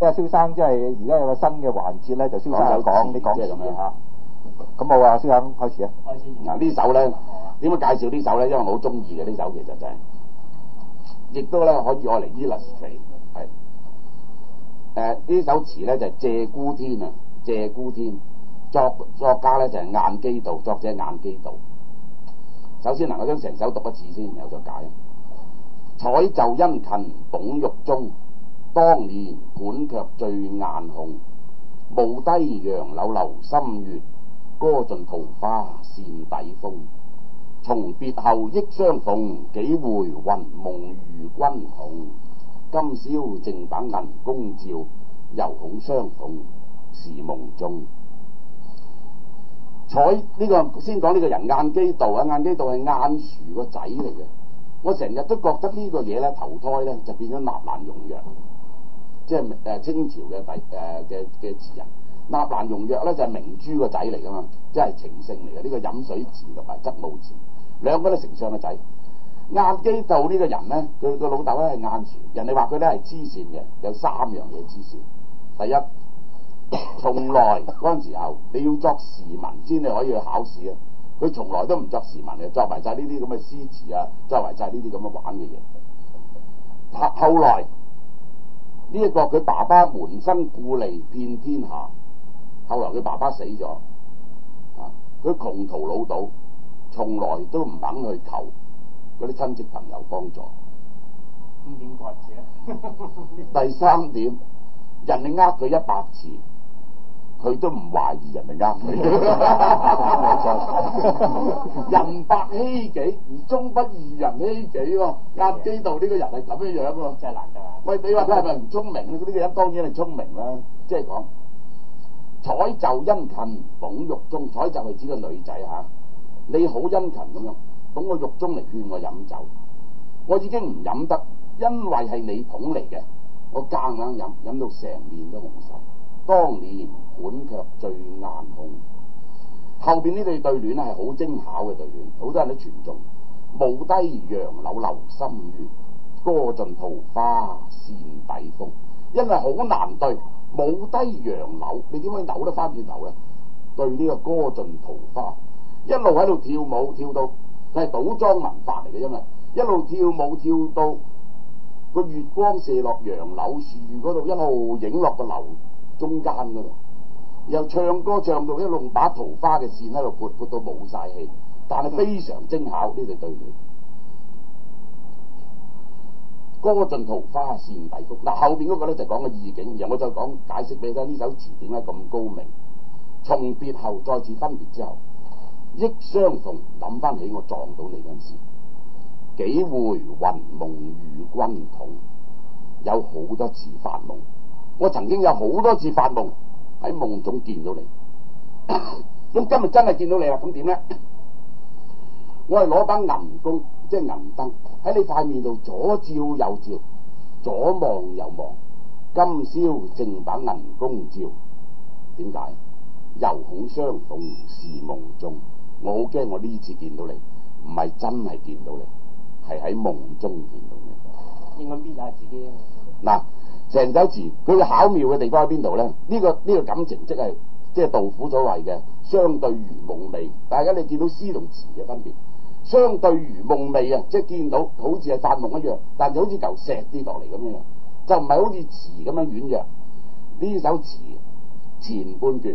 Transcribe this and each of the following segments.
即蕭生，即係而家有個新嘅環節咧，就先生有講，啊、你講咁樣吓。咁、啊、好啊，蕭生開始啊。嗱、啊、呢首咧，點樣介紹首呢首咧？因為我好中意嘅呢首，其實就係、是，亦都咧可以愛嚟 illustrate 係。誒、啊，呢首詞咧就係、是、鷓鴣天啊，鷓鴣天作作家咧就係、是、晏幾道，作者晏幾道。首先能夠將成首讀一次先，然後就解。彩袖殷勤捧玉鐘。當年拚卻醉顏紅，舞低楊柳樓心月，歌盡桃花扇底風。從別後，憶相逢，幾回魂夢與君同。今宵剩把銀釭照，又恐相逢是夢中。彩呢、呢個先講呢個人晏幾道啊，晏幾道係晏殊個仔嚟嘅。我成日都覺得呢個嘢咧，投胎咧就變咗納蘭容若。即係誒清朝嘅第誒嘅嘅詞人，納蘭容若咧就係、是、明珠個仔嚟噶嘛，即係情聖嚟嘅，呢個飲水詞同埋側帽詞，兩個都丞相嘅仔。晏幾道呢個人咧，佢佢老豆咧係晏殊，人哋話佢咧係黐線嘅，有三樣嘢黐線。第一，從來嗰陣時候你要作時文先至可以去考試嘅，佢從來都唔作時文，嘅，作埋曬呢啲咁嘅詩詞啊，作埋曬呢啲咁嘅玩嘅嘢。後後來。呢一、這個佢爸爸門生故吏遍天下，後來佢爸爸死咗，啊，佢窮途潦倒，從來都唔肯去求嗰啲親戚朋友幫助。點 第三點，人哋呃佢一百次，佢都唔懷疑人哋呃佢。 人百欺己而終不疑人欺己喎、啊，晏幾道呢個人係咁樣樣、啊、喎。真係難得、啊。喂，你話佢係咪唔聰明呢？呢個人當然係聰明啦，即係講彩袖殷勤，捧玉鐘，彩袖係指個女仔嚇，你好殷勤咁樣捧個玉鐘嚟勸我飲酒。我已經唔飲得，因為係你捧嚟嘅，我夾硬飲飲到成面都紅晒。當年管卻醉顏紅，後邊呢對對聯咧係好精巧嘅對聯，好多人都傳頌。舞低楊柳樓心月。歌盡桃花扇底風，因為好難對，舞低楊柳，你點可以扭得翻轉頭咧？對呢個歌盡桃花，一路喺度跳舞，跳到佢係倒裝文法嚟嘅，因為一路跳舞跳到個月光射落楊柳樹嗰度，一路影落個樓中間嗰度，然後唱歌唱到一路把桃花嘅扇喺度撥撥到冇晒氣，但係非常精巧呢對對聯。歌盡桃花扇底風，嗱、啊、後邊嗰個咧就講個意境，然後我就講解釋俾你聽呢首詞點解咁高明。從別後再次分別之後，憶相逢，諗翻起我撞到你嗰陣時，幾回魂夢與君同，有好多次發夢，我曾經有好多次發夢喺夢中見到你。咁 今日真係見到你啦，咁點呢？我係攞把銀釭。即係銀燈喺你塊面度左照右照，左望右望，今宵剩把銀釭照。點解？猶恐相逢是夢中。我好驚，我呢次見到你唔係真係見到你，係喺夢中見到你。應該搣下自己啊！嗱，成首詞佢巧妙嘅地方喺邊度咧？呢個呢個感情即係即係杜甫所謂嘅相對如夢寐。大家你見到詩同詞嘅分別？相對如夢味啊，即係見到好似係發夢一樣，但係好似嚿石啲落嚟咁樣，就唔係好似詞咁樣軟弱。呢首詞前半段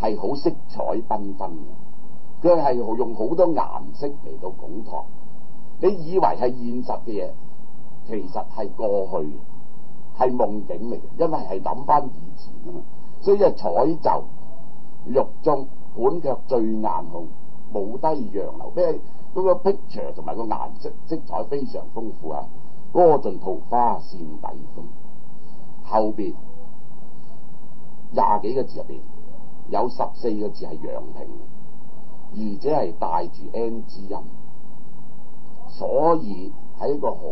係好色彩繽紛嘅，佢係用好多顏色嚟到烘托。你以為係現實嘅嘢，其實係過去，係夢境嚟嘅，因為係諗翻以前啊嘛。所以啊，彩就玉中本卻最顏紅，無低楊流。咩？個 picture 同埋個顏色色彩非常豐富啊！歌盡桃花扇底風，後邊廿幾個字入邊有十四個字係陽平，而且係帶住 n 字音，所以係一個好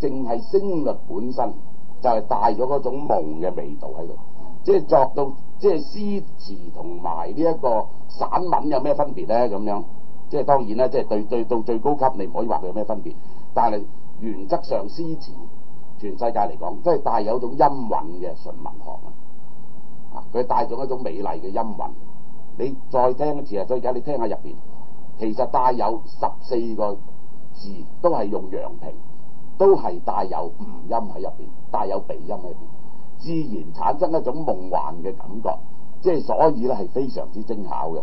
淨係聲律本身就係帶咗種夢嘅味道喺度，即係作到即係詩詞同埋呢一個散文有咩分別咧？咁樣。即係當然啦，即係對對到最高級，你唔可以話佢有咩分別。但係原則上，詩詞全世界嚟講，都係帶有一種音韻嘅純文學啊。佢帶咗一種美麗嘅音韻，你再聽一次，候，所以而家你聽下入邊，其實帶有十四個字都係用陽平，都係帶有唔音喺入邊，帶有鼻音喺入邊，自然產生一種夢幻嘅感覺。即係所以咧，係非常之精巧嘅。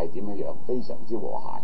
係點樣樣？非常之和諧。